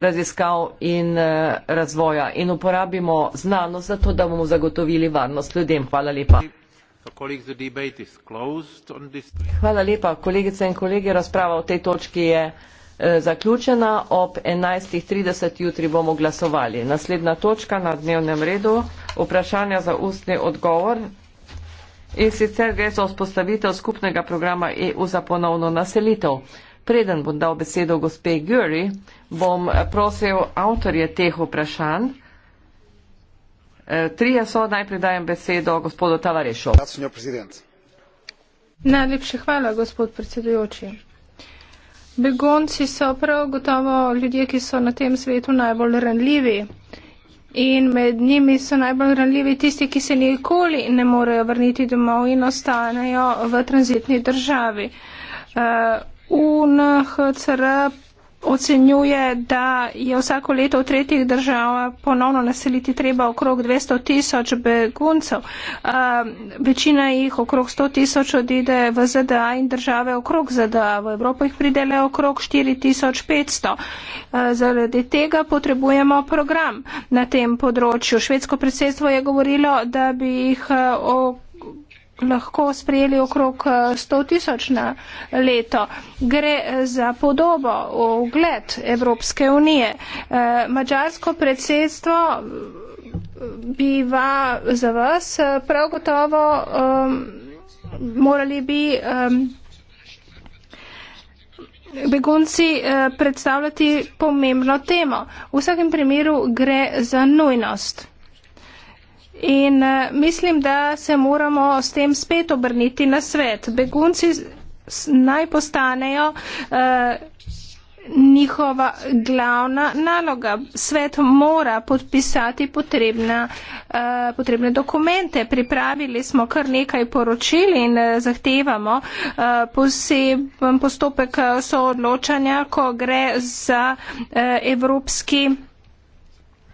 raziskav in eh, razvoja in uporabimo znanost za to, da bomo zagotovili varnost ljudem. Hvala lepa. Hvala lepa, kolegice in kolege. Razprava v tej točki je eh, zaključena. Ob 11.30 jutri bomo glasovali. Naslednja točka na dnevnem redu. Vprašanja za ustni odgovor. In sicer gre za vzpostavitev skupnega programa EU za ponovno naselitev. Preden bom dal besedo gospe Gurry, bom eh, prosil avtorje teh vprašanj. Eh, trije so, najprej dajem besedo gospodu Tavarešu. Najlepše hvala, gospod predsedujoči. Begonci so prav gotovo ljudje, ki so na tem svetu najbolj ranljivi. In med njimi so najbolj ranljivi tisti, ki se nikoli ne morejo vrniti domov in ostanejo v tranzitni državi. Uh, UNHCR ocenjuje, da je vsako leto v tretjih državah ponovno naseliti treba okrog 200 tisoč beguncev. Uh, večina jih okrog 100 tisoč odide v ZDA in države okrog ZDA. V Evropo jih pridele okrog 4500. Uh, zaradi tega potrebujemo program na tem področju. Švedsko predsedstvo je govorilo, da bi jih uh, lahko sprejeli okrog 100 eh, tisoč na leto. Gre eh, za podobo, ogled Evropske unije. Eh, Mačarsko predsedstvo biva za vas, prav gotovo um, morali bi um, begunci uh, predstavljati pomembno temo. V vsakem primeru gre za nujnost. In uh, mislim, da se moramo s tem spet obrniti na svet. Begunci naj postanejo uh, njihova glavna naloga. Svet mora podpisati potrebna, uh, potrebne dokumente. Pripravili smo kar nekaj poročil in uh, zahtevamo uh, poseben postopek soodločanja, ko gre za uh, evropski.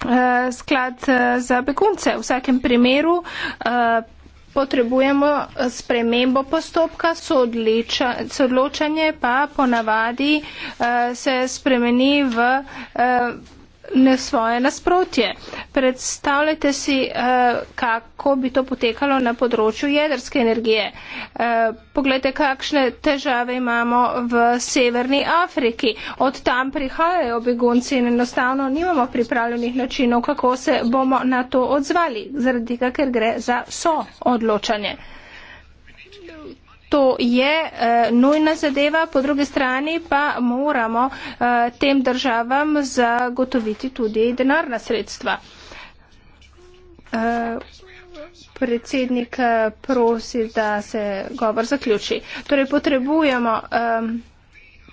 Eh, sklad eh, za begunce. V vsakem primeru eh, potrebujemo spremembo postopka, sodločanje pa ponavadi se spremeni v na svoje nasprotje. Predstavljajte si, eh, kako bi to potekalo na področju jedrske energije. Eh, poglejte, kakšne težave imamo v Severni Afriki. Od tam prihajajo begunci in enostavno nimamo pripravljenih načinov, kako se bomo na to odzvali, zaradi tega, ker gre za so odločanje to je e, nujna zadeva, po drugi strani pa moramo e, tem državam zagotoviti tudi denarna sredstva. E, predsednik prosi, da se govor zaključi. Torej, potrebujemo. E,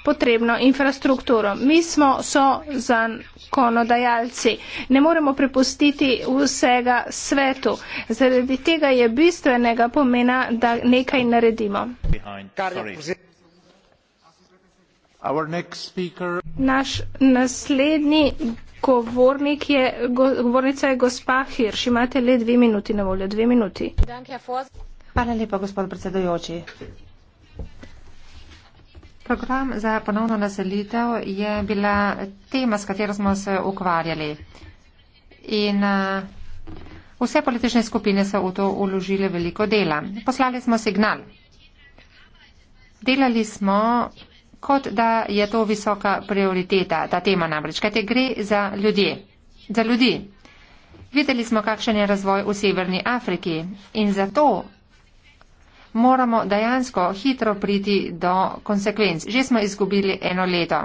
potrebno infrastrukturo. Mi smo so zakonodajalci. Ne moremo prepustiti vsega svetu. Zaradi tega je bistvenega pomena, da nekaj naredimo. Naš naslednji govornik je, govornica je gospa Hirš. Imate le dve minuti na voljo. Dve minuti. Hvala lepa, gospod predsedojoči program za ponovno naselitev je bila tema, s katero smo se ukvarjali. In eh, vse politične skupine so v to uložile veliko dela. Poslali smo signal. Delali smo, kot da je to visoka prioriteta, ta tema namreč, kajte gre za ljudi. Za ljudi. Videli smo, kakšen je razvoj v Severni Afriki in zato moramo dejansko hitro priti do konsekvenc. Že smo izgubili eno leto.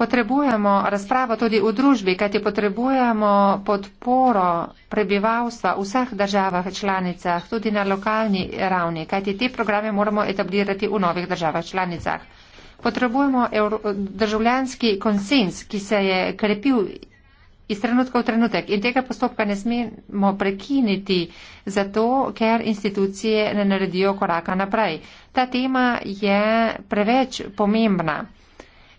Potrebujemo razpravo tudi v družbi, kajti potrebujemo podporo prebivalstva v vseh državah članicah, tudi na lokalni ravni, kajti te programe moramo etablirati v novih državah članicah. Potrebujemo državljanski konsens, ki se je krepil iz trenutka v trenutek. In tega postopka ne smemo prekiniti, zato ker institucije ne naredijo koraka naprej. Ta tema je preveč pomembna.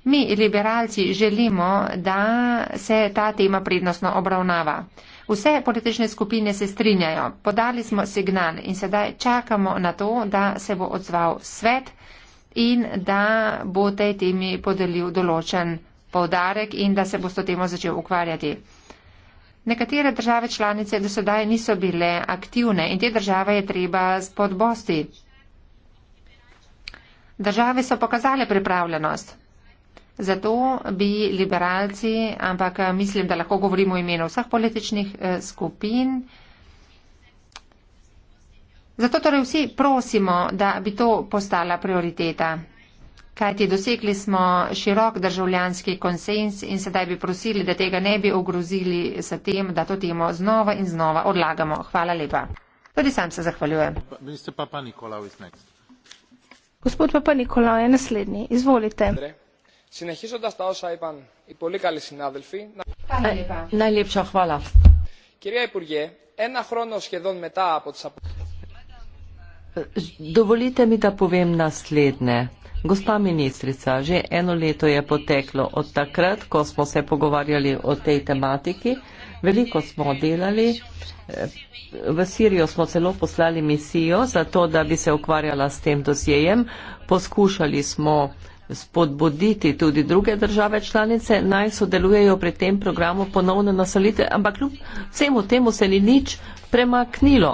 Mi, liberalci, želimo, da se ta tema prednostno obravnava. Vse politične skupine se strinjajo. Podali smo signal in sedaj čakamo na to, da se bo odzval svet in da bo tej temi podelil določen povdarek in da se bo s to temo začel ukvarjati. Nekatere države članice do sedaj niso bile aktivne in te države je treba spodbosti. Države so pokazale pripravljenost. Zato bi liberalci, ampak eh, mislim, da lahko govorimo o imenu vseh političnih eh, skupin, zato torej vsi prosimo, da bi to postala prioriteta kajti dosegli smo širok državljanski konsens in sedaj bi prosili, da tega ne bi ogrozili s tem, da to temo znova in znova odlagamo. Hvala lepa. Tudi sam se zahvaljujem. Gospod Papa Nikolao je naslednji. Izvolite. Hvala lepa. Najlepša hvala. Dovolite mi, da povem naslednje. Gospa ministrica, že eno leto je poteklo od takrat, ko smo se pogovarjali o tej tematiki. Veliko smo delali. V Sirijo smo celo poslali misijo, zato da bi se ukvarjala s tem dosjejem. Poskušali smo spodbuditi tudi druge države članice, naj sodelujejo pri tem programu ponovne naselitve, ampak kljub vsemu temu se ni nič premaknilo.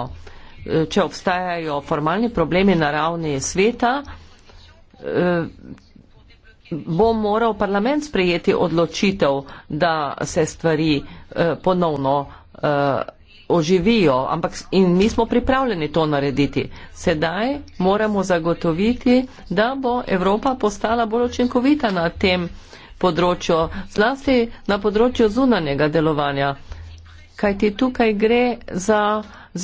Če obstajajo formalni problemi na ravni sveta, Eh, bo moral parlament sprejeti odločitev, da se stvari eh, ponovno eh, oživijo, ampak in mi smo pripravljeni to narediti. Sedaj moramo zagotoviti, da bo Evropa postala bolj učinkovita na tem področju, zlasti na področju zunanjega delovanja kajti tukaj gre za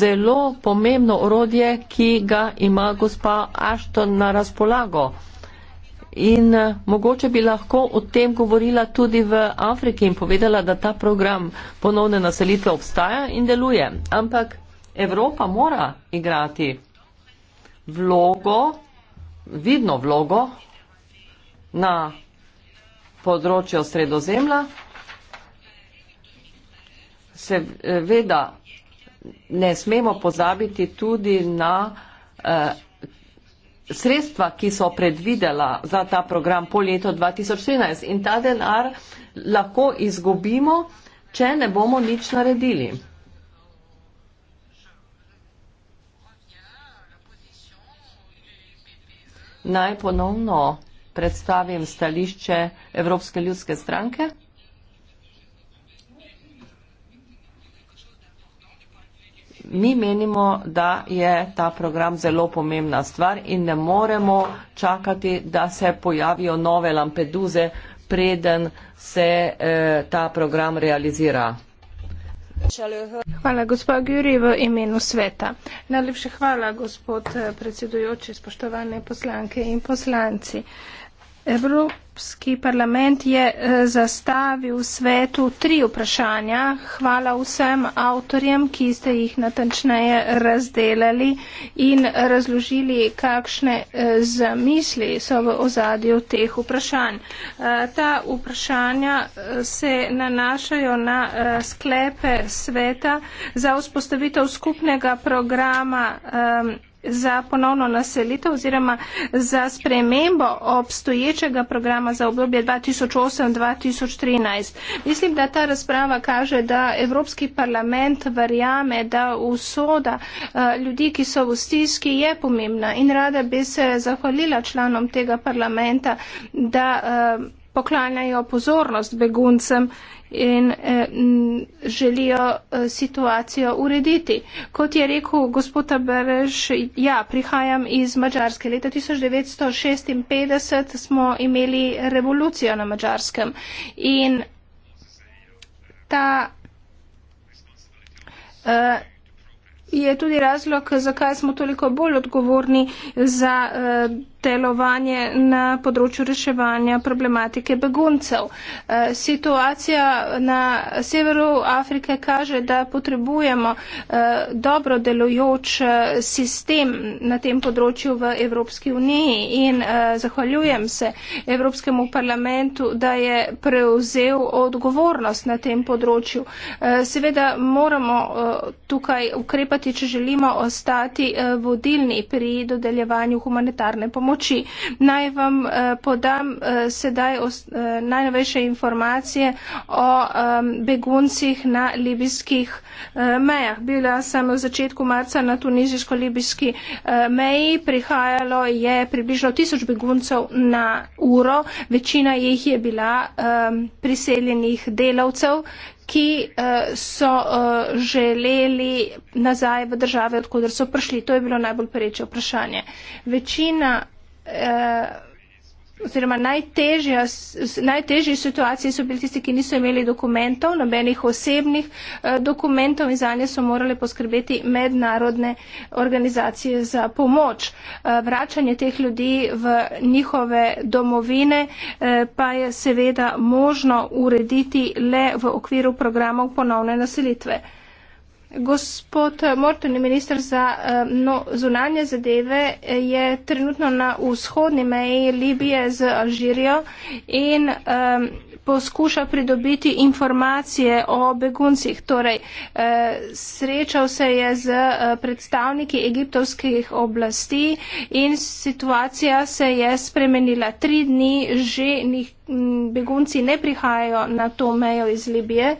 zelo pomembno orodje, ki ga ima gospa Ashton na razpolago. In eh, mogoče bi lahko o tem govorila tudi v Afriki in povedala, da ta program ponovne naselitve obstaja in deluje. Ampak Evropa mora igrati vlogo, vidno vlogo na področju sredozemlja seveda ne smemo pozabiti tudi na eh, sredstva, ki so predvidela za ta program po leto 2013 in ta denar lahko izgubimo, če ne bomo nič naredili. Naj ponovno predstavim stališče Evropske ljudske stranke. mi menimo, da je ta program zelo pomembna stvar in ne moremo čakati, da se pojavijo nove lampeduze, preden se eh, ta program realizira. Hvala, gospod Gjuri, v imenu sveta. Najlepše hvala, gospod eh, predsedujoči, spoštovane poslanke in poslanci. Evropski parlament je eh, zastavil svetu tri vprašanja. Hvala vsem avtorjem, ki ste jih natančneje razdelali in razložili, kakšne eh, zamisli so v ozadju teh vprašanj. Eh, ta vprašanja se nanašajo na sklepe sveta za vzpostavitev skupnega programa za ponovno naselitev oziroma za spremembo obstoječega programa za obdobje 2008-2013. Mislim, da ta razprava kaže, da Evropski parlament verjame, da usoda eh, ljudi, ki so v stiski, je pomembna in rada bi se zahvalila članom tega parlamenta, da eh, poklanjajo pozornost beguncem in eh, želijo eh, situacijo urediti. Kot je rekel gospod Tabereš, ja, prihajam iz Mačarske. Leta 1956 smo imeli revolucijo na Mačarskem in ta eh, je tudi razlog, zakaj smo toliko bolj odgovorni za. Eh, delovanje na področju reševanja problematike beguncev. Eh, situacija na severu Afrike kaže, da potrebujemo eh, dobro delujoč eh, sistem na tem področju v Evropski uniji in zahvaljujem se Evropskemu parlamentu, da je prevzel odgovornost na tem področju. Seveda moramo tukaj ukrepati, če želimo ostati vodilni pri dodeljevanju humanitarne pomoči pomoči. Naj vam eh, podam eh, sedaj eh, najnovejše informacije o beguncih na libijskih mejah. Bila sem v začetku marca na tunizijsko-libijski meji, prihajalo je približno tisoč beguncev na uro, večina jih je bila priseljenih delavcev ki so želeli nazaj v države, odkudar so prišli. To je bilo najbolj pereče vprašanje. Večina uh, oziroma najtežja, najtežji situaciji so bili tisti, ki niso imeli dokumentov, nobenih osebnih uh, dokumentov in za nje so morali poskrbeti mednarodne organizacije za pomoč. Uh, vračanje teh ljudi v njihove domovine uh, pa je seveda možno urediti le v okviru programov ponovne naselitve. Uh, Gospod Morton, ministr za eh, no, zunanje zadeve, je trenutno na vzhodni meji Libije z Alžirijo in um, poskuša pridobiti informacije o beguncih. Torej, eh, srečal se je z predstavniki egiptovskih oblasti in situacija se je spremenila. Tri dni že begunci ne prihajajo na to mejo iz Libije.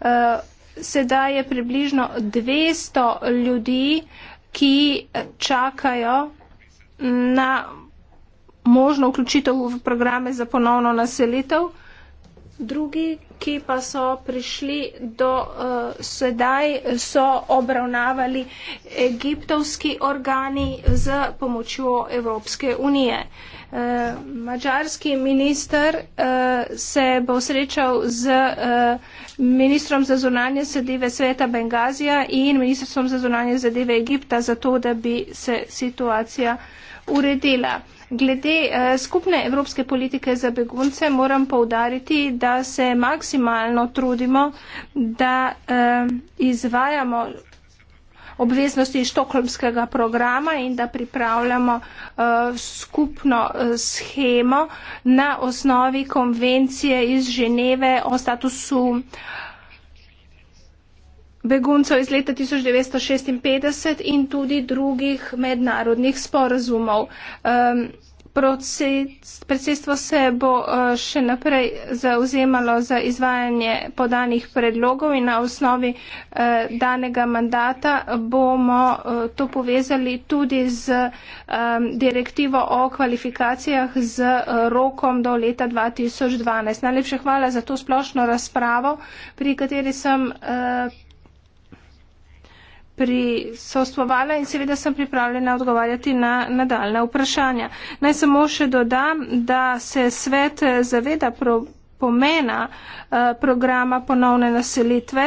Uh, sedaj je približno 200 ljudi, ki čakajo na možno vključitev v programe za ponovno naselitev. Drugi, ki pa so prišli do uh, sedaj, so obravnavali egiptovski organi z pomočjo Evropske unije. Uh, Eh, Mačarski minister eh, se bo srečal z eh, ministrom za zunanje zadeve sveta Bengazija in ministrom za zunanje zadeve Egipta, zato da bi se situacija uredila. Glede skupne evropske politike za begunce moram povdariti, da se maksimalno trudimo, da izvajamo obveznosti iz Štokholmskega programa in da pripravljamo eh, skupno eh, schemo na osnovi konvencije iz Ženeve o statusu beguncev iz leta 1956 in tudi drugih mednarodnih sporazumov predsedstvo se bo eh, še naprej zauzemalo za izvajanje podanih predlogov in na osnovi eh, danega mandata bomo eh, to povezali tudi z direktivo o kvalifikacijah z rokom do leta 2012. Najlepše hvala za to splošno razpravo, pri kateri sem prisostvovala in seveda sem pripravljena odgovarjati na nadaljna vprašanja. Naj samo še dodam, da se svet eh, zaveda pro, pomena eh, programa ponovne naselitve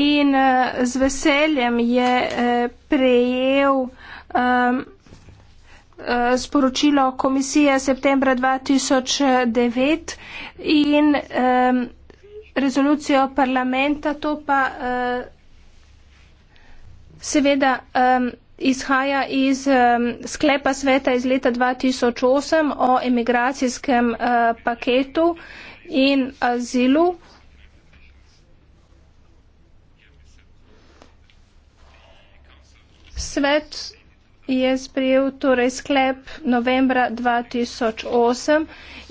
in eh, z veseljem je eh, prejel ehm, eh, sporočilo komisije septembra 2009 in um, rezolucijo parlamenta, to pa uh, Seveda. Um izhaja iz um, sklepa sveta iz leta 2008 o emigracijskem uh, paketu in azilu. Svet je sprejel torej sklep novembra 2008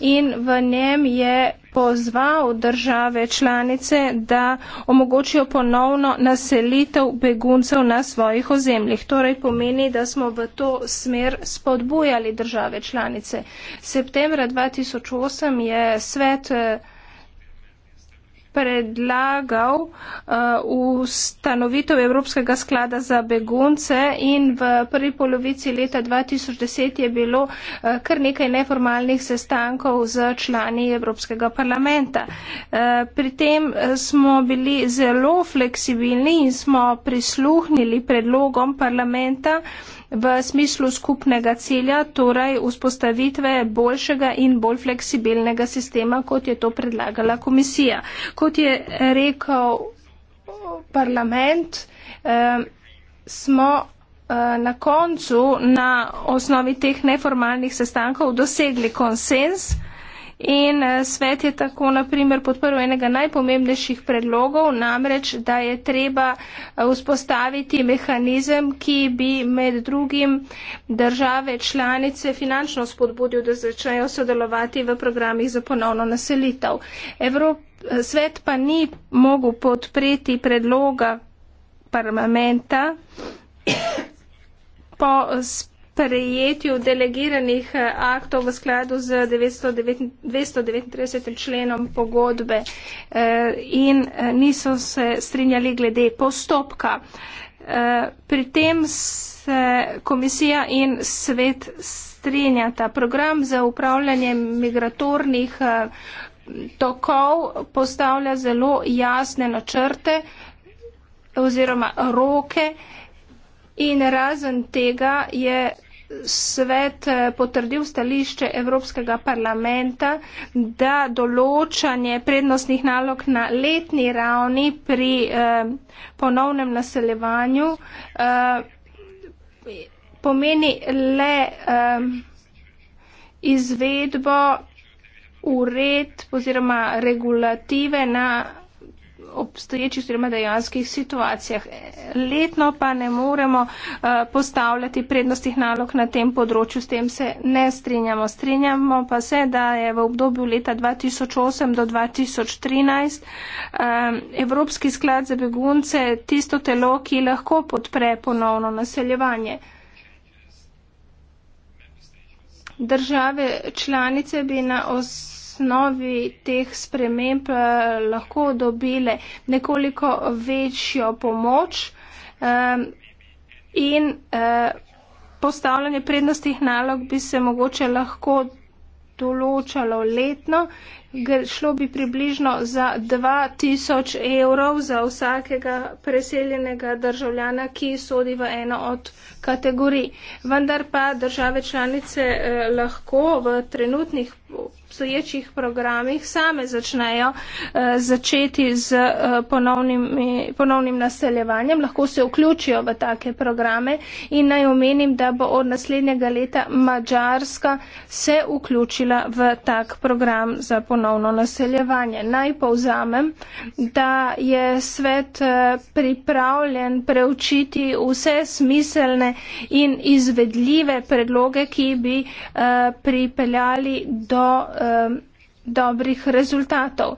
in v njem je pozval države članice, da omogočijo ponovno naselitev beguncev na svojih ozemljih. Torej pomeni, da smo v to smer spodbujali države članice. Septembra 2008 je svet eh, predlagal uh, ustanovitev uh, Evropskega sklada za begunce in v prvi polovici leta 2010 je bilo uh, kar nekaj neformalnih sestankov z člani Evropskega parlamenta. Uh, pri tem uh, smo bili zelo fleksibilni in smo prisluhnili predlogom parlamenta uh, v smislu skupnega cilja, torej vzpostavitve boljšega in bolj fleksibilnega sistema, kot je to predlagala komisija. Kot je rekel parlament, eh, smo eh, na koncu na osnovi teh neformalnih sestankov dosegli konsens, In eh, svet je tako, na primer, podprl enega najpomembnejših predlogov, namreč, da je treba eh, vzpostaviti mehanizem, ki bi med drugim države članice finančno spodbudil, da začnejo sodelovati v programih za ponovno naselitev. Evrop, eh, svet pa ni mogel podpreti predloga parlamenta po spremljanju sprejetju delegiranih eh, aktov v skladu z 239. členom pogodbe eh, in eh, niso se strinjali glede postopka. Pri tem se komisija in svet strinjata. Program za upravljanje migratornih tokov postavlja zelo jasne načrte oziroma roke in razen tega je svet eh, potrdil stališče Evropskega parlamenta, da določanje prednostnih nalog na letni ravni pri eh, ponovnem naseljevanju eh, pomeni le eh, izvedbo uredb oziroma regulative na obstoječih oziroma dejanskih situacijah. Letno pa ne moremo eh, postavljati prednostih nalog na tem področju, s tem se ne strinjamo. Strinjamo pa se, da je v obdobju leta 2008 do 2013 eh, Evropski sklad za begunce tisto telo, ki lahko podpre ponovno naseljevanje. Države članice bi na osnovi osnovi teh sprememb eh, lahko dobile nekoliko večjo pomoč eh, in eh, postavljanje prednostih nalog bi se mogoče lahko določalo letno šlo bi približno za 2000 evrov za vsakega preseljenega državljana, ki sodi v eno od kategorij. Vendar pa države članice eh, lahko v trenutnih obstoječih programih same začnejo eh, začeti z eh, ponovnim, ponovnim naseljevanjem, lahko se vključijo v take programe in naj omenim, da bo od naslednjega leta Mačarska se vključila v tak program za ponovno naseljevanje ponovno naseljevanje. Naj povzamem, da je svet eh, pripravljen preučiti vse smiselne in izvedljive predloge, ki bi eh, pripeljali do eh, dobrih rezultatov.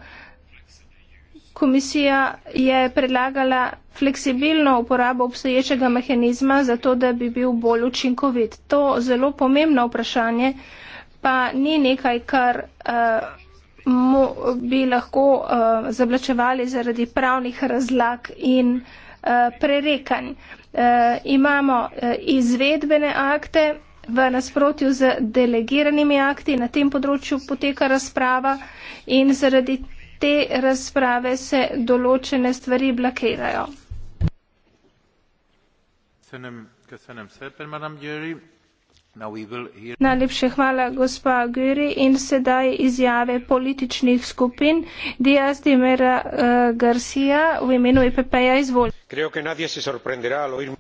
Komisija je predlagala fleksibilno uporabo obstoječega mehanizma za to, da bi bil bolj učinkovit. To zelo pomembno vprašanje pa ni nekaj, kar uh, mo, bi lahko uh, eh, zablačevali zaradi pravnih razlag in uh, prerekanj. Uh, imamo uh, izvedbene akte v nasprotju z delegiranimi akti, na tem področju poteka razprava in zaradi te razprave se določene stvari blokirajo. Najlepše hvala, gospa Gyri. In sedaj izjave političnih skupin. Diaz Dimera uh, eh, Garcia v imenu EPP-ja izvolite.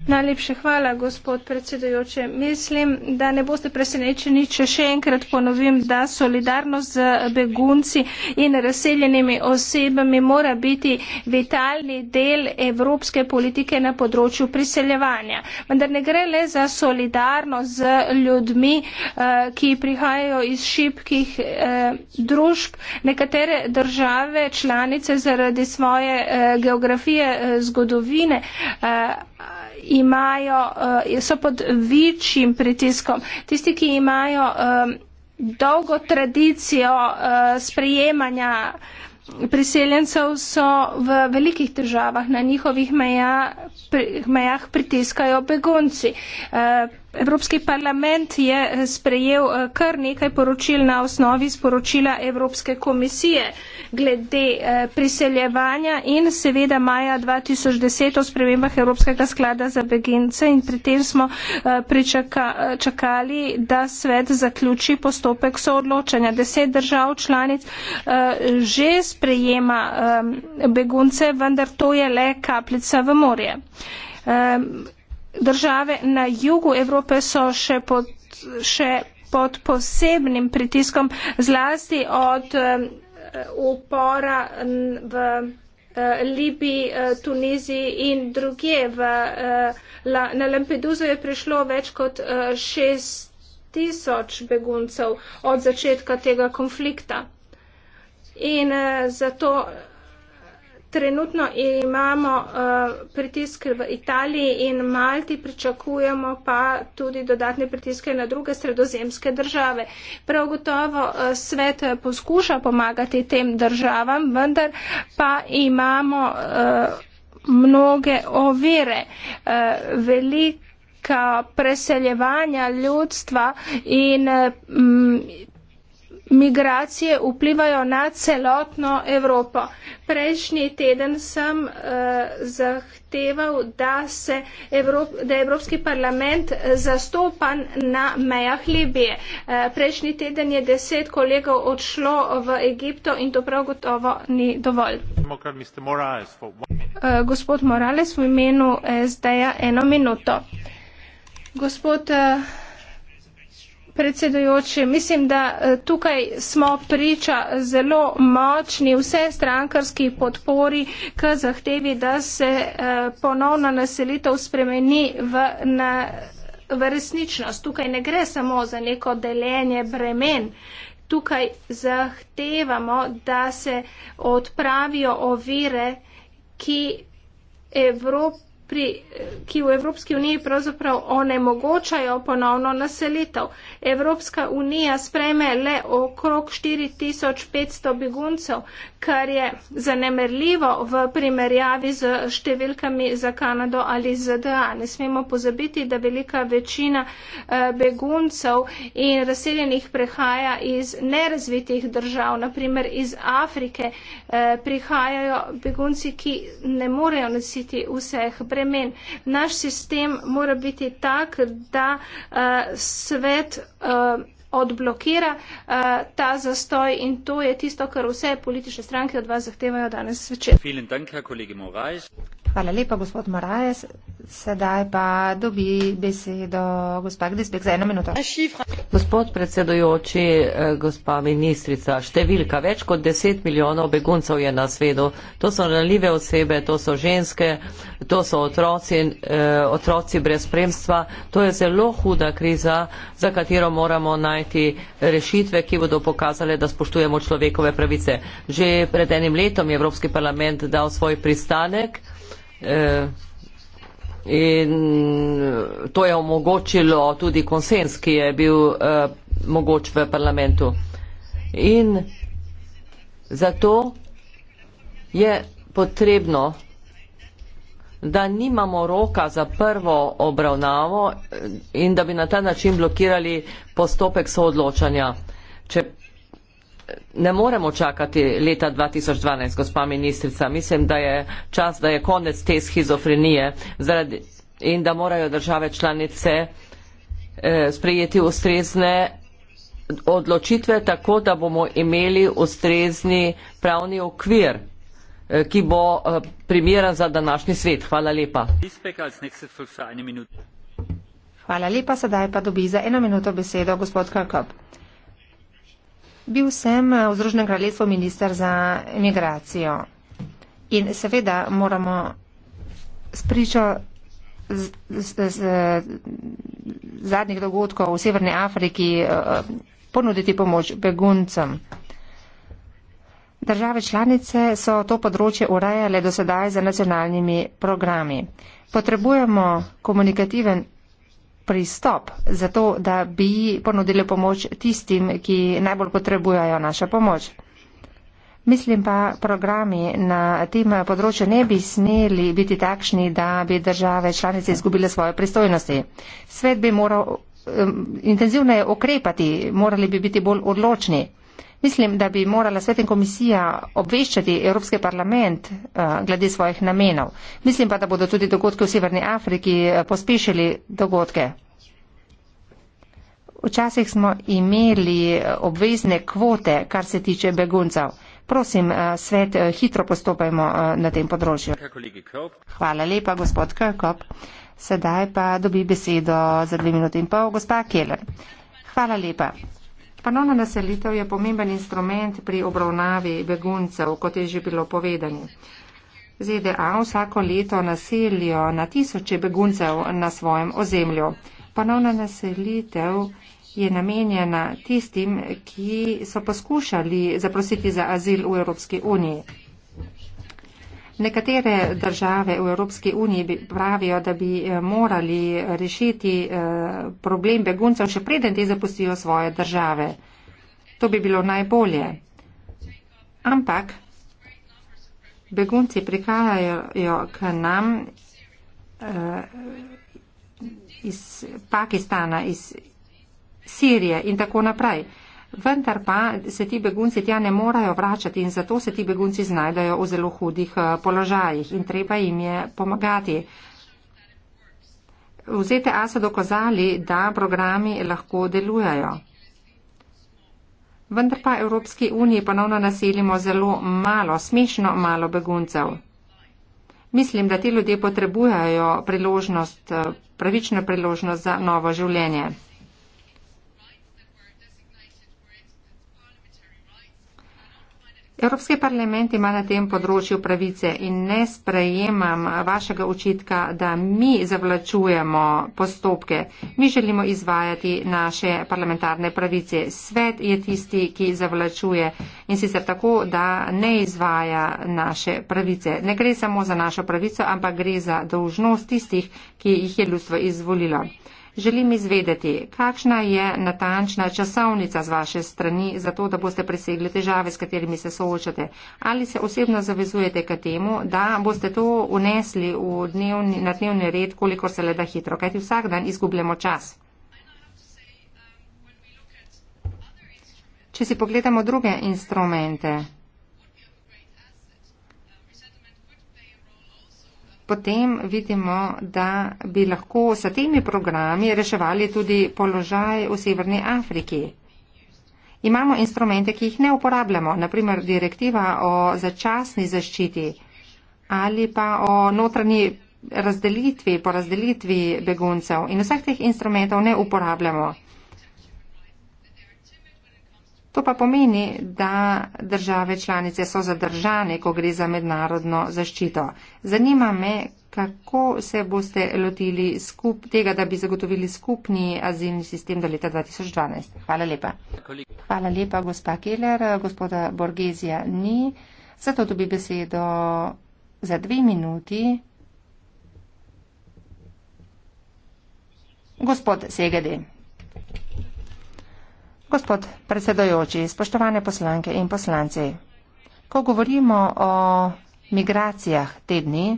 Najlepša hvala, gospod predsedujoče. Mislim, da ne boste presenečeni, če še enkrat ponovim, da solidarnost z begunci in razseljenimi osebami mora biti vitalni del evropske politike na področju priseljevanja. Vendar ne gre le za solidarnost z ljudmi, eh, ki prihajajo iz šipkih eh, družb. Nekatere države članice zaradi svoje eh, geografije, zgodovine, skupine uh, eh, imajo, uh, so pod večjim pritiskom. Tisti, ki imajo um, dolgo tradicijo uh, sprejemanja priseljencev, so v velikih državah, na njihovih meja, pri, mejah pritiskajo begunci. Uh, Evropski parlament je eh, sprejel eh, kar nekaj poročil na osnovi sporočila Evropske komisije glede eh, priseljevanja in seveda maja 2010 o spremembah Evropskega sklada za begince in pri tem smo pričakali, da svet zaključi postopek soodločanja. Deset držav članic že sprejema begunce, vendar to je le kapljica v morje države na jugu Evrope so še pod, še pod posebnim pritiskom, zlasti od eh, upora v eh, Libiji, eh, Tuniziji in druge. V, na Lampeduzo je prišlo več kot šest tisoč beguncev od začetka tega konflikta. In zato Trenutno imamo uh, pritisk v Italiji in Malti, pričakujemo pa tudi dodatne pritiske na druge sredozemske države. Prav gotovo uh, svet eh, poskuša pomagati tem državam, vendar pa imamo uh, mnoge ovire. Uh, velik preseljevanja ljudstva in migracije vplivajo na celotno Evropo. Prejšnji teden sem uh, zahteval, da, se Evrop, da je Evropski parlament eh, zastopan na mejah Libije. Uh, prejšnji teden je deset kolegov odšlo v Egipto in to prav gotovo ni dovolj. Uh, gospod Morales v imenu SD-ja eno minuto. Gospod uh, predsedujoči, mislim, da eh, tukaj smo priča zelo močni vse strankarski podpori k zahtevi, da se eh, ponovno naselitev spremeni v, na, v resničnost. Tukaj ne gre samo za neko deljenje bremen. Tukaj zahtevamo, da se odpravijo ovire, ki Evropa pri, ki v Evropski uniji pravzaprav onemogočajo ponovno naselitev. Evropska unija spreme le okrog 4500 beguncev, kar je zanemerljivo v primerjavi z številkami za Kanado ali ZDA. Ne smemo pozabiti, da velika večina eh, beguncev in razseljenih prehaja iz nerazvitih držav, naprimer iz Afrike, eh, prihajajo begunci, ki ne morejo nositi vseh brez spremen. Naš sistem mora biti tak, da uh, svet. Uh, odblokira uh, ta zastoj in to je tisto, kar vse politične stranke od vas zahtevajo danes večer. Hvala lepa, gospod Morales. Sedaj pa dobi besedo gospa Gdisbek za eno minuto. Gospod predsedujoči, eh, gospa ministrica, številka več kot 10 milijonov beguncev je na svedu. To so ranljive osebe, to so ženske, to so otroci, eh, otroci brez spremstva. To je zelo huda kriza, za katero moramo najti rešitve, ki bodo pokazale, da spoštujemo človekove pravice. Že pred enim letom je Evropski parlament dal svoj pristanek Eh, in eh, to je omogočilo tudi konsens, ki je bil uh, mogoč v parlamentu. In zato je potrebno, da nimamo roka za prvo obravnavo in da bi na ta način blokirali postopek soodločanja. Če ne moremo čakati leta 2012, gospa ministrica. Mislim, da je čas, da je konec te schizofrenije zaradi, in da morajo države članice eh, sprejeti ustrezne odločitve, tako da bomo imeli ustrezni pravni okvir, eh, ki bo eh, primeren za današnji svet. Hvala lepa. Hvala lepa, sedaj pa dobi za eno minuto besedo gospod Karkop bil sem eh, v Združenem kraljestvu minister za emigracijo. In seveda moramo spričo z, z, z, z zadnjih dogodkov v Severni Afriki eh, ponuditi pomoč beguncem. Države članice so to področje urejale do sedaj za nacionalnimi programi. Potrebujemo komunikativen pristop za to, da bi ponudili pomoč tistim, ki najbolj potrebujajo našo pomoč. Mislim pa, programi na tem področju ne bi smeli biti takšni, da bi države članice izgubile svoje pristojnosti. Svet bi moral um, intenzivno ukrepati, morali bi biti bolj odločni. Mislim, da bi morala svetna komisija obveščati Evropski parlament eh, glede svojih namenov. Mislim pa, da bodo tudi dogodke v Severni Afriki eh, pospešili dogodke. Včasih smo imeli eh, obvezne kvote, kar se tiče beguncev. Prosim, svet, hitro postopajmo na tem področju. Hvala lepa, gospod Krkop. Sedaj pa dobi besedo za dve minuti in pol, gospa Keller. Hvala lepa. Ponovna naselitev je pomemben instrument pri obravnavi beguncev, kot je že bilo povedano. ZDA vsako leto naselijo na tisoče beguncev na svojem ozemlju. Ponovna naselitev je namenjena tistim, ki so poskušali zaprositi za azil v Evropski uniji. Nekatere države v Evropski uniji pravijo, da bi eh, morali eh, rešiti eh, problem beguncev, še preden te zapustijo svoje države. To bi bilo najbolje. Ampak begunci prihajajo k nam iz Pakistana, iz Sirije in tako naprej vendar pa se ti begunci tja ne morajo vračati in zato se ti begunci znajdajo v zelo hudih eh, položajih in treba jim je pomagati. V ZTA so dokazali, da programi lahko delujejo. Vendar pa Evropski uniji ponovno naselimo zelo malo, smešno malo beguncev. Mislim, da ti ljudje potrebujejo priložnost, eh, pravično priložnost za novo življenje. Evropski parlament ima na tem področju pravice in ne sprejemam vašega očitka, da mi zavlačujemo postopke. Mi želimo izvajati naše parlamentarne pravice. Svet je tisti, ki zavlačuje in sicer tako, da ne izvaja naše pravice. Ne gre samo za našo pravico, ampak gre za dolžnost tistih, ki jih je ljudstvo izvolilo. Želim izvedeti, kakšna je natančna časovnica z vaše strani za to, da boste presegli težave, s katerimi se soočate. Ali se osebno zavezujete k temu, da boste to unesli v dnevni, na dnevni red, koliko se le da hitro, kajti vsak dan izgubljamo čas. Če si pogledamo druge instrumente, potem vidimo, da bi lahko s temi programi reševali tudi položaj v Severni Afriki. Imamo instrumente, ki jih ne uporabljamo, naprimer direktiva o začasni zaščiti ali pa o notranji razdelitvi, porazdelitvi beguncev in vseh teh instrumentov ne uporabljamo. To pa pomeni, da države članice so zadržane, ko gre za mednarodno zaščito. Zanima me, kako se boste lotili skup, tega, da bi zagotovili skupni azilni sistem do leta 2012. Hvala lepa. Hvala lepa, gospa Keller. Gospoda Borgezija ni. Zato dobi besedo za dve minuti. Gospod Segede. Gospod predsedojoči, spoštovane poslanke in poslanci, ko govorimo o migracijah te dni,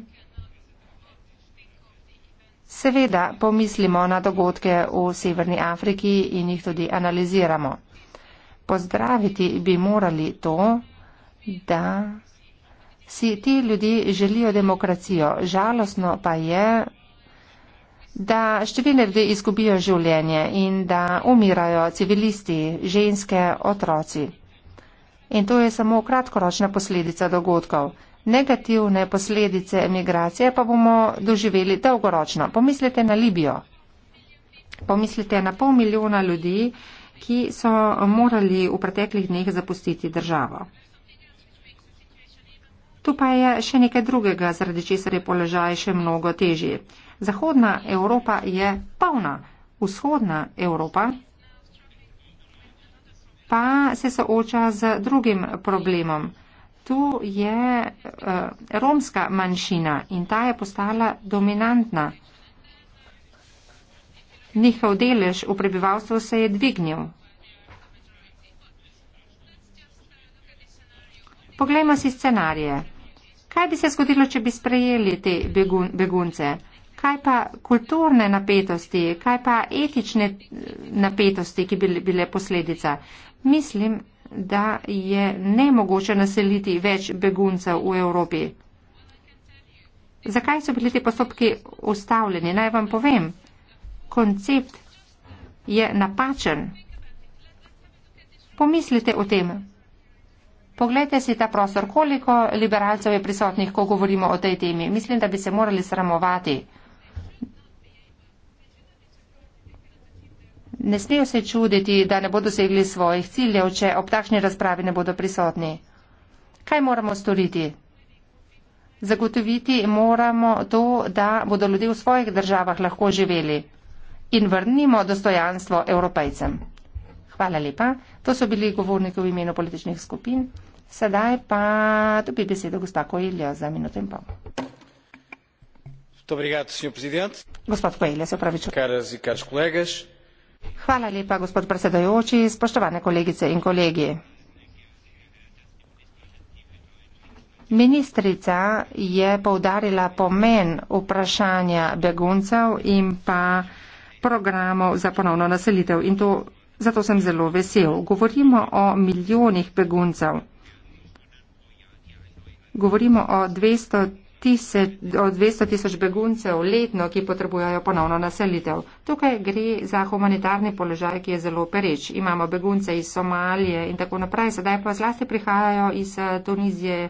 seveda pomislimo na dogodke v Severni Afriki in jih tudi analiziramo. Pozdraviti bi morali to, da si ti ljudje želijo demokracijo. Žalostno pa je, da številne ljudi izgubijo življenje in da umirajo civilisti, ženske, otroci. In to je samo kratkoročna posledica dogodkov. Negativne posledice emigracije pa bomo doživeli dolgoročno. Pomislite na Libijo. Pomislite na pol milijona ljudi, ki so morali v preteklih dneh zapustiti državo. Tu pa je še nekaj drugega, zaradi česar je položaj še mnogo težji. Zahodna Evropa je polna, vzhodna Evropa pa se sooča z drugim problemom. Tu je uh, romska manjšina in ta je postala dominantna. Njihov delež v prebivalstvu se je dvignil. Poglejmo si scenarije. Kaj bi se zgodilo, če bi sprejeli te begun, begunce? Kaj pa kulturne napetosti, kaj pa etične eh, napetosti, ki bi bile posledica? Mislim, da je nemogoče naseliti več beguncev v Evropi. Zakaj so bili ti postopki ustavljeni? Naj vam povem, koncept je napačen. Pomislite o tem, Poglejte si ta prostor, koliko liberalcev je prisotnih, ko govorimo o tej temi. Mislim, da bi se morali sramovati. Ne smejo se čuditi, da ne bodo dosegli svojih ciljev, če ob takšni razpravi ne bodo prisotni. Kaj moramo storiti? Zagotoviti moramo to, da bodo ljudje v svojih državah lahko živeli in vrnimo dostojanstvo evropejcem. Hvala lepa. To so bili govorniki v imenu političnih skupin. Sedaj pa dobi besedo gospa Koelja za minuto in pol. Gospod Koelja, se pravi, če. E Hvala lepa, gospod predsedajoči, spoštovane kolegice in kolegi. Ministrica je povdarila pomen vprašanja beguncev in pa programov za ponovno naselitev. In to Zato sem zelo vesel. Govorimo o milijonih beguncev. Govorimo o 200 tisoč, 200 tisoč beguncev letno, ki potrebujajo ponovno naselitev. Tukaj gre za humanitarni položaj, ki je zelo pereč. Imamo begunce iz Somalije in tako naprej. Sedaj pa zlasti prihajajo iz eh, Tunizije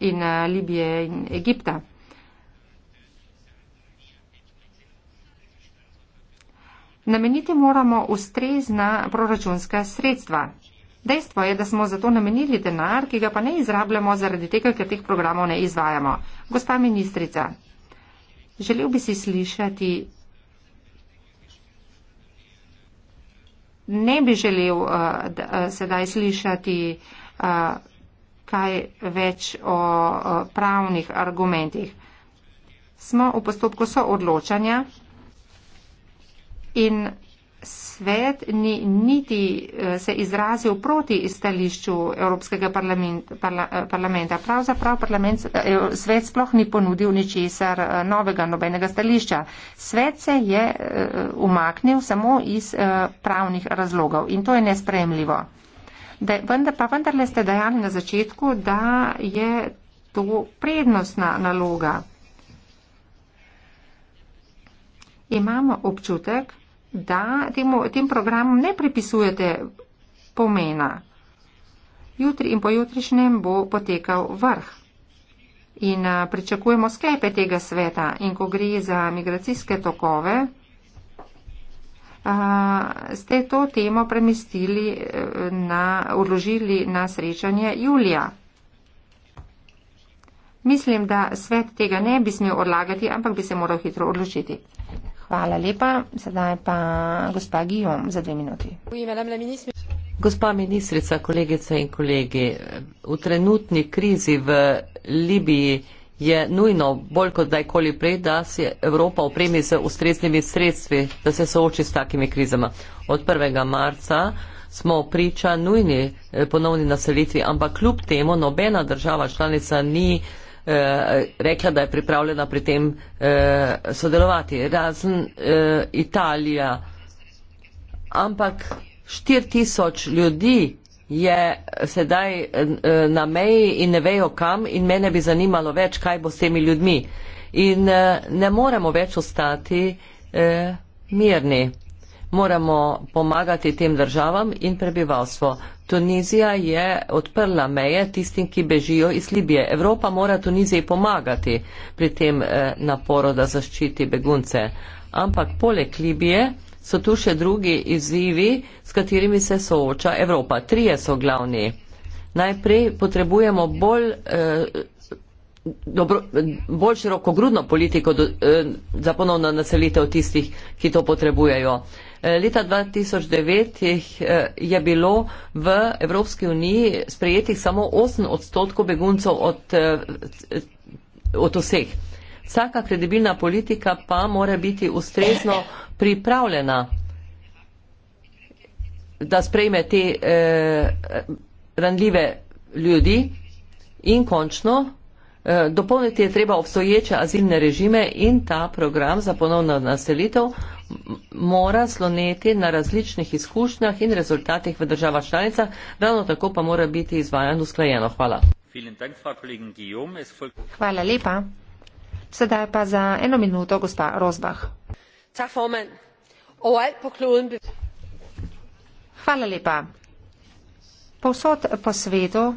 in eh, Libije in Egipta. Nameniti moramo ustrezna proračunska sredstva. Dejstvo je, da smo za to namenili denar, ki ga pa ne izrabljamo zaradi tega, ker teh programov ne izvajamo. Gospa ministrica, želel bi si slišati. Ne bi želel uh, sedaj slišati uh, kaj več o uh, pravnih argumentih. Smo v postopku soodločanja in svet ni niti eh, se izrazil proti stališču Evropskega parlament, parla, eh, parlamenta. Pravzaprav parlament, eh, svet sploh ni ponudil ničesar novega, nobenega stališča. Svet se je umaknil samo iz pravnih razlogov in to je nespremljivo. De, vendar, pa vendarle ste dejali na začetku, da je to prednostna naloga. Imamo občutek, da temu, tem programom ne prepisujete pomena. Jutri in pojutrišnjem bo potekal vrh. In eh, pričakujemo sklepe tega sveta. In ko gre za migracijske tokove, eh, ste to temo premestili eh, na, odložili na srečanje julija. Mislim, da svet tega ne bi smel odlagati, ampak bi se moral hitro odločiti. Hvala lepa. Sedaj pa gospa Gijom za dve minuti. Gospa ministrica, kolegice in kolegi, v trenutni krizi v Libiji je nujno bolj kot dajkoli prej, da se Evropa opremi z ustreznimi sredstvi, da se sooči s takimi krizama. Od 1. marca smo priča nujni eh, ponovni naselitvi, ampak kljub temu nobena država članica ni Eh, rekla, da je pripravljena pri tem eh, sodelovati, razen eh, Italija. Ampak 4000 ljudi je sedaj eh, na meji in ne vejo kam in mene bi zanimalo več, kaj bo s temi ljudmi. In eh, ne moremo več ostati eh, mirni. Moramo pomagati tem državam in prebivalstvo. Tunizija je odprla meje tistim, ki bežijo iz Libije. Evropa mora Tuniziji pomagati pri tem eh, naporu, da zaščiti begunce. Ampak poleg Libije so tu še drugi izzivi, s katerimi se sooča Evropa. Trije so glavni. Najprej potrebujemo bolj. Eh, dobro, bolj širokogrudno politiko do, eh, za ponovno naselitev tistih, ki to potrebujejo. Eh, leta 2009 jih eh, je bilo v Evropski uniji sprejetih samo 8 odstotkov beguncev od, eh, od vseh. Vsaka kredibilna politika pa mora biti ustrezno pripravljena, da sprejme te eh, randljive ljudi in končno Eh, dopolniti je treba obstoječe azilne režime in ta program za ponovno naselitev mora sloneti na različnih izkušnjah in rezultatih v državah članicah, ravno tako pa mora biti izvajan usklajeno. Hvala. Hvala lepa. Sedaj pa za eno minuto gospa Rozbah. Hvala lepa. Povsod po svetu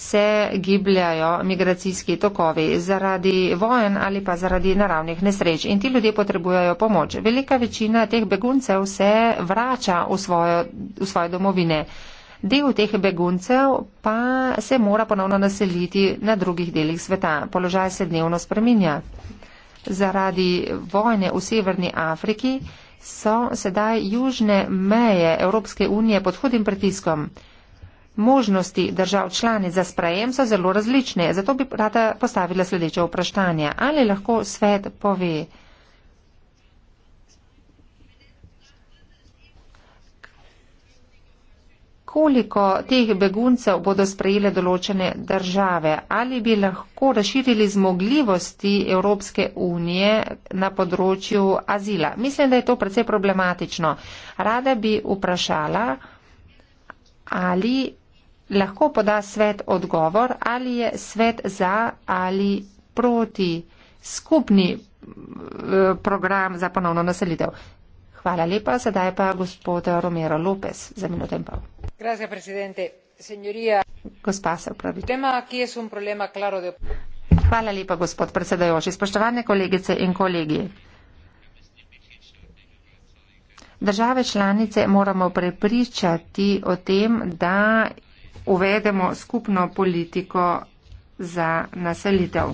se gibljajo migracijski tokovi zaradi vojen ali pa zaradi naravnih nesreč in ti ljudje potrebujejo pomoč. Velika večina teh beguncev se vrača v, svojo, v svoje domovine. Del teh beguncev pa se mora ponovno naseliti na drugih delih sveta. Položaj se dnevno spreminja. Zaradi vojne v Severni Afriki so sedaj južne meje Evropske unije pod hudim pritiskom. Možnosti držav članic za sprejem so zelo različne, zato bi rada postavila sledeče vprašanje. Ali lahko svet pove, koliko teh beguncev bodo sprejele določene države? Ali bi lahko razširili zmogljivosti Evropske unije na področju azila? Mislim, da je to precej problematično. Rada bi vprašala, ali lahko poda svet odgovor, ali je svet za ali proti skupni eh, program za ponovno naselitev. Hvala lepa, sedaj pa gospod Romero Lopes za minuto in pol. Gospa se upravi. Hvala lepa, gospod predsedajoči. Spoštovane kolegice in kolegi. Države članice moramo prepričati o tem, da uvedemo skupno politiko za naselitev.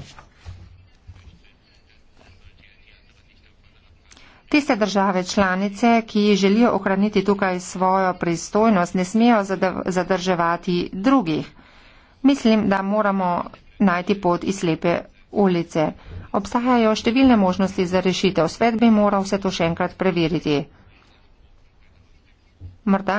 Tiste države članice, ki želijo ohraniti tukaj svojo pristojnost, ne smejo zadrževati drugih. Mislim, da moramo najti pot iz slepe ulice. Obstajajo številne možnosti za rešitev. Svet bi moral vse to še enkrat preveriti morda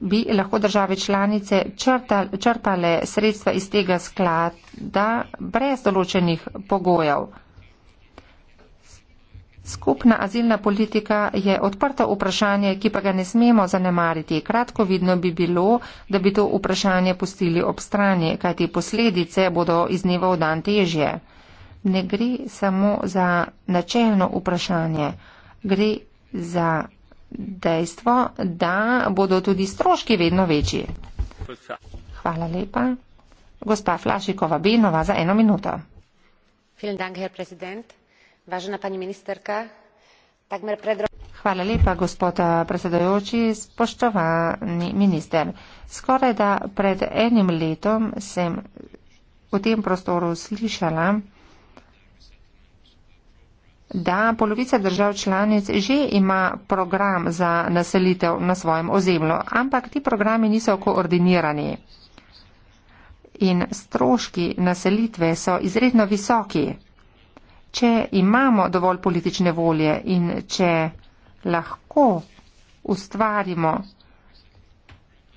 bi lahko države članice črta, črpale sredstva iz tega sklada brez določenih pogojev. Skupna azilna politika je odprto vprašanje, ki pa ga ne smemo zanemariti. Kratko vidno bi bilo, da bi to vprašanje pustili ob strani, kajti posledice bodo iz dneva v dan težje. Ne gre samo za načelno vprašanje, gre za dejstvo, da bodo tudi stroški vedno večji. Hvala lepa. Gospa Flašikova Benova za eno minuto. Hvala lepa, gospod eh, predsedojoči, spoštovani minister. Skoraj da pred enim letom sem v tem prostoru slišala, da polovica držav članic že ima program za naselitev na svojem ozemlju, ampak ti programi niso koordinirani. In stroški naselitve so izredno visoki. Če imamo dovolj politične volje in če lahko ustvarimo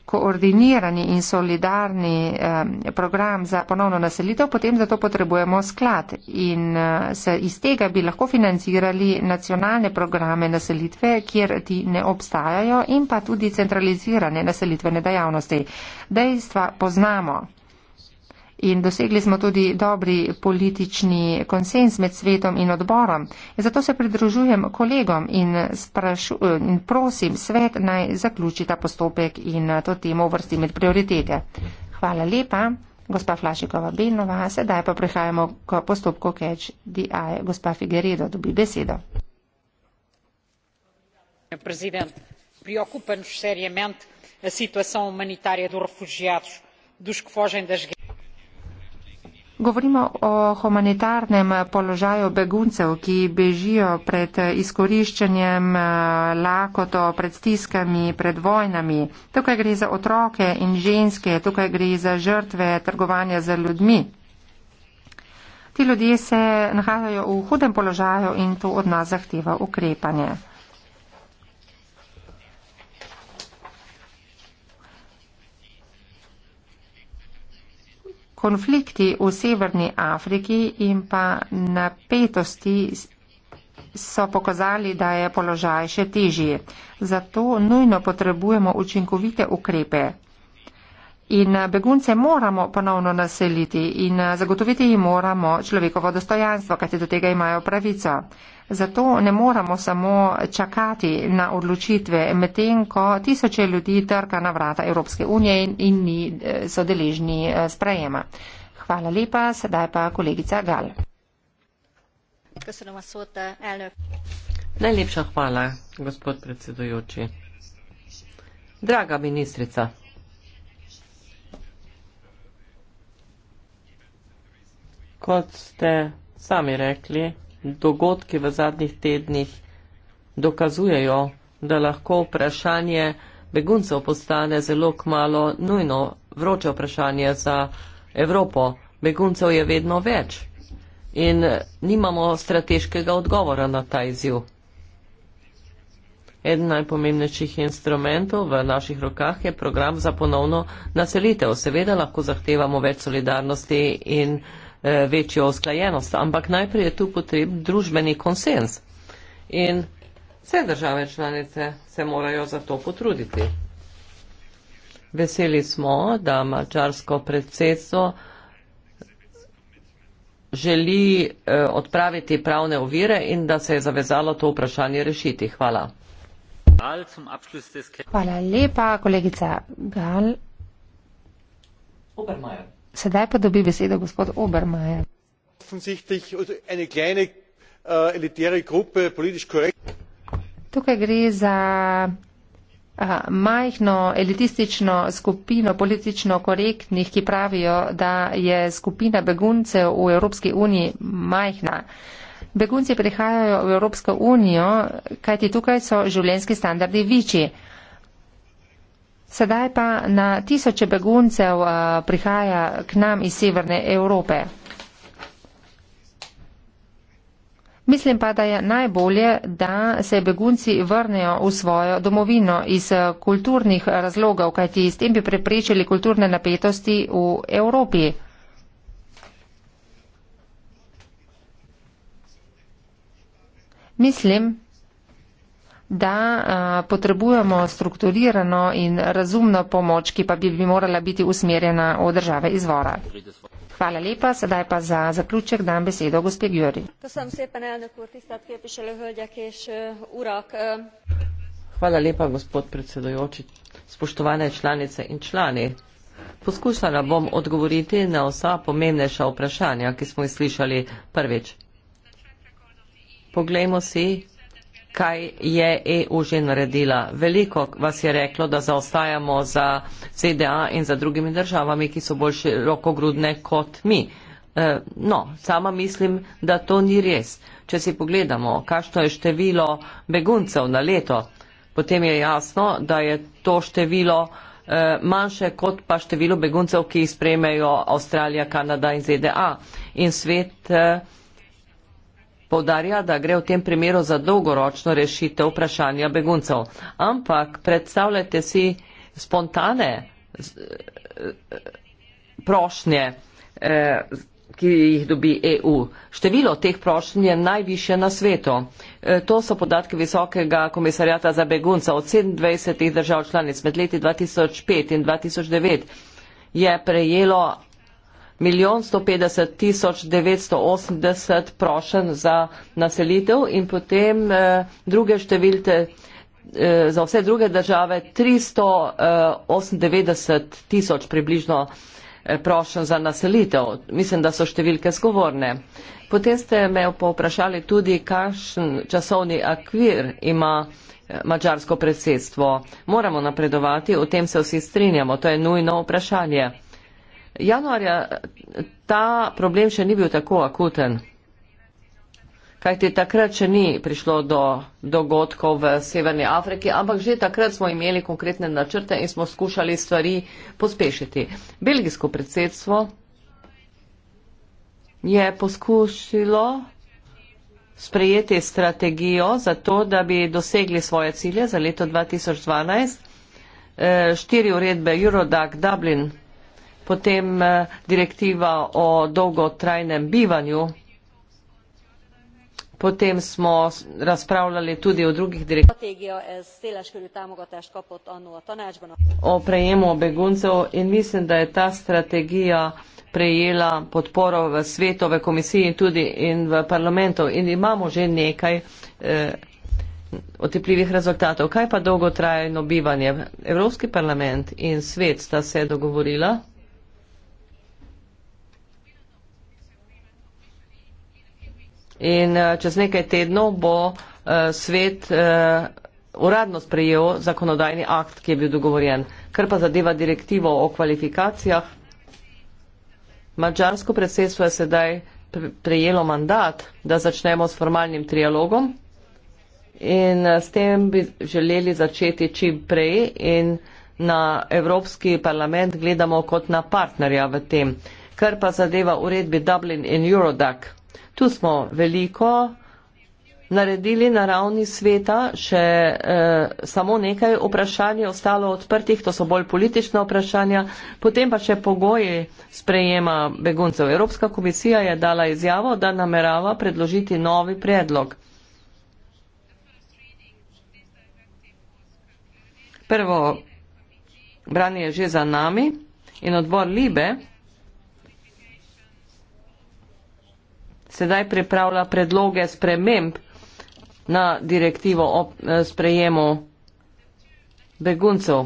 koordinirani in solidarni program za ponovno naselitev, potem zato potrebujemo sklad in eh, se iz tega bi lahko financirali nacionalne programe naselitve, kjer ti ne obstajajo in pa tudi centralizirane naselitvene dejavnosti. Dejstva poznamo in dosegli smo tudi dobri politični konsens med svetom in odborom. Zato se pridružujem kolegom in, sprašu, in prosim svet naj zaključi ta postopek in eh, to temo vrsti med prioritete. Hvala lepa, gospa Flašikova Benova. Sedaj pa prehajamo k postopku Catch the Eye. Gospa Figueredo dobi besedo. President. Preocupa-nos seriamente a situação humanitária dos refugiados, dos que fogem das guerras. Govorimo o humanitarnem položaju beguncev, ki bežijo pred izkoriščenjem eh, lakoto, pred stiskami, pred vojnami. Tukaj gre za otroke in ženske, tukaj gre za žrtve trgovanja z ljudmi. Ti ljudje se nahajajo v hudem položaju in to od nas zahteva ukrepanje. konflikti v Severni Afriki in pa napetosti so pokazali, da je položaj še težji. Zato nujno potrebujemo učinkovite ukrepe. In eh, begunce moramo ponovno naseliti in eh, zagotoviti jim moramo človekovo dostojanstvo, kajti do tega imajo pravico. Zato ne moramo samo čakati na odločitve, medtem ko tisoče ljudi trka na vrata Evropske unije in ni eh, sodeležni sprejema. Hvala lepa, sedaj pa kolegica Gal. Najlepša hvala, gospod predsedujoči. Draga ministrica. kot ste sami rekli, dogodki v zadnjih tednih dokazujejo, da lahko vprašanje beguncev postane zelo kmalo nujno vroče vprašanje za Evropo. Beguncev je vedno več in nimamo strateškega odgovora na ta izjiv. Eden najpomembnejših instrumentov v naših rokah je program za ponovno naselitev. Seveda lahko zahtevamo več solidarnosti in Eh, večjo usklajenost, ampak najprej je tu potreb družbeni konsens. In vse države članice se morajo za to potruditi. Veseli smo, da mačarsko predsedstvo želi eh, odpraviti pravne ovire in da se je zavezalo to vprašanje rešiti. Hvala. Hvala lepa, kolegica Gal. Obermajer. Sedaj pa dobi besedo gospod Obermajer. Äh, tukaj gre za a, äh, majhno elitistično skupino politično korektnih, ki pravijo, da je skupina beguncev v Evropski uniji majhna. Begunci prihajajo v Evropsko unijo, kajti tukaj so življenjski standardi večji. Sedaj pa na tisoče beguncev eh, prihaja k nam iz Severne Evrope. Mislim pa, da je najbolje, da se begunci vrnejo v svojo domovino iz eh, kulturnih razlogov, kajti s tem bi preprečili kulturne napetosti v Evropi. Mislim, da a, potrebujemo strukturirano in razumno pomoč, ki pa bi, bi morala biti usmerjena od države izvora. Hvala lepa, sedaj pa za zaključek dam besedo gospe Gjuri. Hvala lepa, gospod predsedojoči, spoštovane članice in člani. Poskušala bom odgovoriti na vsa pomembnejša vprašanja, ki smo jih slišali prvič. Poglejmo si, kaj je EU že naredila. Veliko vas je reklo, da zaostajamo za ZDA in za drugimi državami, ki so bolj širokogrudne kot mi. E, no, sama mislim, da to ni res. Če si pogledamo, kakšno je število beguncev na leto, potem je jasno, da je to število e, manjše kot pa število beguncev, ki jih spremejo Avstralija, Kanada in ZDA. In svet e, Povdarja, da gre v tem primeru za dolgoročno rešitev vprašanja beguncev. Ampak predstavljajte si spontane eh, prošnje, eh, ki jih dobi EU. Število teh prošnj je najviše na svetu. Eh, to so podatke Visokega komisarjata za begunca. Od 27 držav članic med leti 2005 in 2009 je prejelo milijon sto petdeset tisoč devetsto osemdeset prošen za naselitev in potem eh, druge številke eh, za vse druge države tristo eh, osemdevetdeset tisoč približno eh, prošen za naselitev. Mislim, da so številke zgovorne. Potem ste me poprašali tudi, kakšen časovni akvir ima eh, mačarsko predsedstvo. Moramo napredovati, o tem se vsi strinjamo, to je nujno vprašanje. Januarja ta problem še ni bil tako akuten, kajti takrat še ni prišlo do dogodkov v Severni Afriki, ampak že takrat smo imeli konkretne načrte in smo skušali stvari pospešiti. Belgijsko predsedstvo je poskušilo sprejeti strategijo za to, da bi dosegli svoje cilje za leto 2012. E, eh, štiri uredbe Eurodac Dublin potem eh, direktiva o dolgotrajnem bivanju. Potem smo razpravljali tudi o drugih direktivah eh, o prejemu beguncev in mislim, da je ta strategija prejela podporo v svetove komisiji in tudi in v parlamentu in imamo že nekaj eh, otepljivih rezultatov. Kaj pa dolgotrajno bivanje? Evropski parlament in svet sta se dogovorila. In eh, čez nekaj tednov bo eh, svet eh, uradno sprejel zakonodajni akt, ki je bil dogovorjen. Kar pa zadeva direktivo o kvalifikacijah, mačarsko predsedstvo je sedaj prejelo mandat, da začnemo s formalnim trialogom in s tem bi želeli začeti čim prej in na Evropski parlament gledamo kot na partnerja v tem. Kar pa zadeva uredbi Dublin in Eurodac, Tu smo veliko naredili na ravni sveta, še eh, samo nekaj vprašanj je ostalo odprtih, to so bolj politična vprašanja, potem pa še pogoji sprejema beguncev. Evropska komisija je dala izjavo, da namerava predložiti novi predlog. Prvo branje je že za nami in odbor Libe sedaj pripravlja predloge sprememb na direktivo o eh, sprejemu beguncev.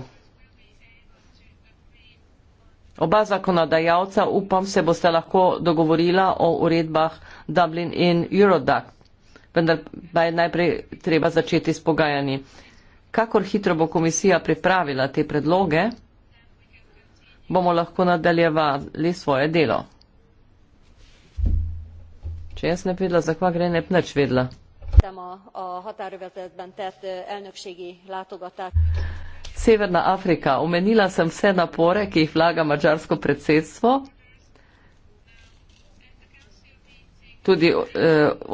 Oba zakonodajalca upam se boste lahko dogovorila o uredbah Dublin in Eurodac, vendar pa je najprej treba začeti s pogajanji. Kakor hitro bo komisija pripravila te predloge, bomo lahko nadaljevali svoje delo. Če jaz ne vedela, za kva gre, ne bi nič vedela. Severna Afrika. Omenila sem vse napore, ki jih vlaga mačarsko predsedstvo. Tudi eh,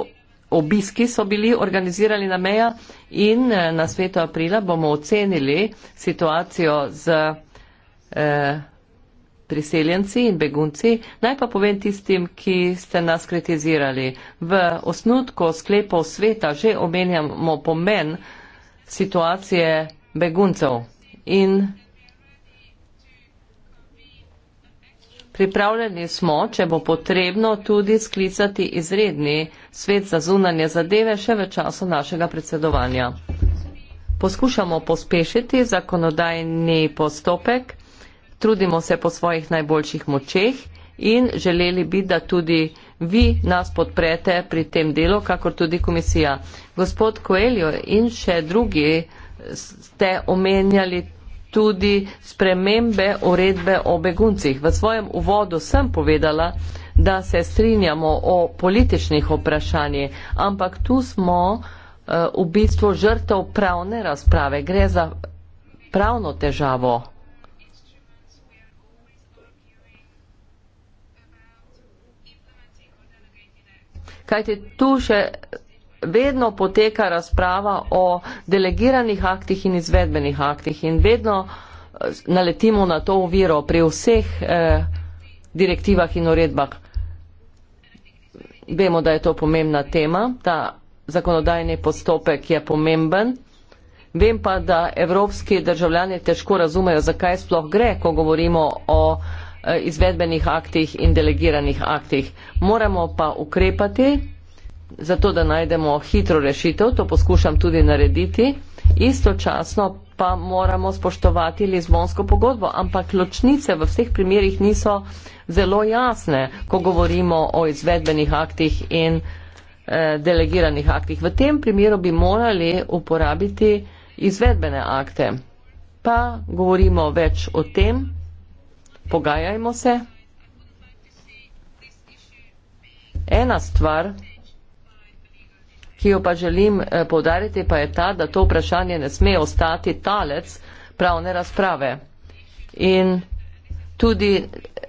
obiski so bili organizirani na meja in eh, na svetu aprila bomo ocenili situacijo z. Eh, priseljenci in begunci. Naj pa povem tistim, ki ste nas kritizirali. V osnutku sklepov sveta že omenjamo pomen situacije beguncev in pripravljeni smo, če bo potrebno, tudi sklicati izredni svet za zunanje zadeve še v času našega predsedovanja. Poskušamo pospešiti zakonodajni postopek, trudimo se po svojih najboljših močeh in želeli bi, da tudi vi nas podprete pri tem delu, kakor tudi komisija. Gospod Koeljo in še drugi eh, ste omenjali tudi spremembe uredbe o beguncih. V svojem uvodu sem povedala, da se strinjamo o političnih vprašanjih, ampak tu smo eh, v bistvu žrtev pravne razprave. Gre za pravno težavo. kajti tu še vedno poteka razprava o delegiranih aktih in izvedbenih aktih in vedno eh, naletimo na to uviro pri vseh eh, direktivah in uredbah. Vemo, da je to pomembna tema, ta zakonodajni postopek je pomemben. Vem pa, da evropski državljani težko razumejo, zakaj sploh gre, ko govorimo o Eh, izvedbenih aktih in delegiranih aktih. Moramo pa ukrepati, zato da najdemo hitro rešitev, to poskušam tudi narediti, istočasno pa moramo spoštovati Lizbonsko pogodbo, ampak ločnice v vseh primerjih niso zelo jasne, ko govorimo o izvedbenih aktih in eh, delegiranih aktih. V tem primeru bi morali uporabiti izvedbene akte. Pa govorimo več o tem, pogajajmo se. Ena stvar, ki jo pa želim eh, povdariti, pa je ta, da to vprašanje ne sme ostati talec pravne razprave. In tudi eh,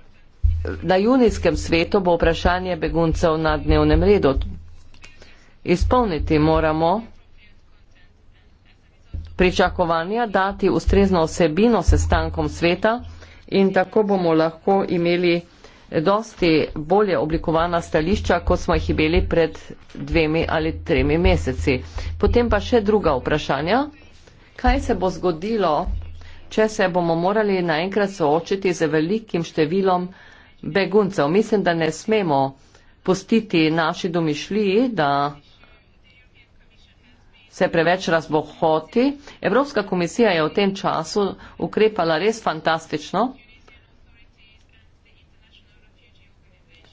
na junijskem svetu bo vprašanje beguncev na dnevnem redu. Izpolniti moramo pričakovanja, dati ustrezno osebino sestankom sveta, in tako bomo lahko imeli dosti bolje oblikovana stališča, kot smo jih imeli pred dvemi ali tremi meseci. Potem pa še druga vprašanja. Kaj se bo zgodilo, če se bomo morali naenkrat soočiti z velikim številom beguncev? Mislim, da ne smemo pustiti naši domišljiji, da se preveč razbohoti. Evropska komisija je v tem času ukrepala res fantastično.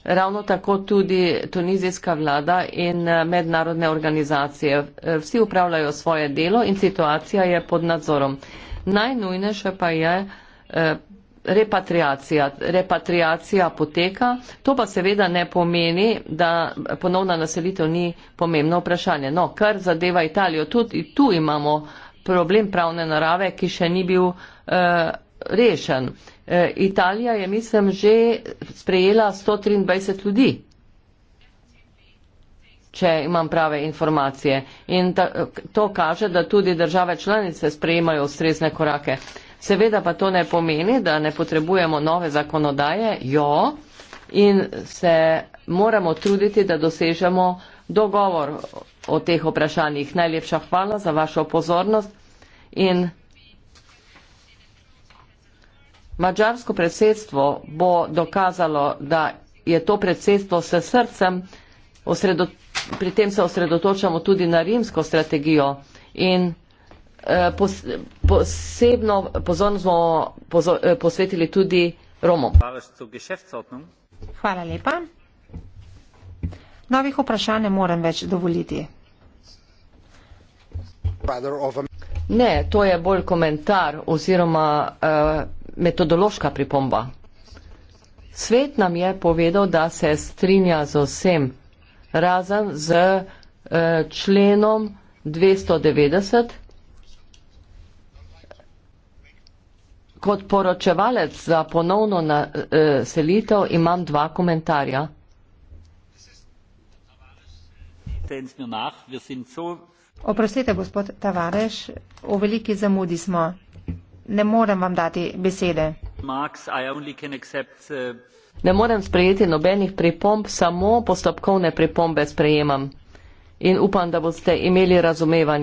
ravno tako tudi tunizijska vlada in eh, mednarodne organizacije. Eh, vsi upravljajo svoje delo in situacija je pod nadzorom. Najnujnejše pa je eh, repatriacija. Repatriacija poteka, to pa seveda ne pomeni, da ponovna naselitev ni pomembno vprašanje. No, kar zadeva Italijo, tudi tu imamo problem pravne narave, ki še ni bil. Uh, rešen. E, Italija je, mislim, že sprejela 123 ljudi, če imam prave informacije. In ta, to kaže, da tudi države članice sprejemajo ustrezne korake. Seveda pa to ne pomeni, da ne potrebujemo nove zakonodaje, jo, in se moramo truditi, da dosežemo dogovor o teh vprašanjih. Najlepša hvala za vašo pozornost in. Mačarsko predsedstvo bo dokazalo, da je to predsedstvo s srcem, osredo, pri tem se osredotočamo tudi na rimsko strategijo in eh, pos, posebno pozornost bomo pozo, eh, posvetili tudi Romom. Hvala lepa. Novih vprašanj ne morem več dovoliti. Ne, to je bolj komentar oziroma. Eh, metodološka pripomba. Svet nam je povedal, da se strinja z vsem, razen z eh, členom 290. Kot poročevalec za ponovno eh, selitev imam dva komentarja. Oprostite, gospod Tavares, v veliki zamudi smo ne morem vam dati besede. Uh, ne morem sprejeti nobenih pripomb, samo postopkovne pripombe sprejemam. In upam, da boste imeli razumevanje.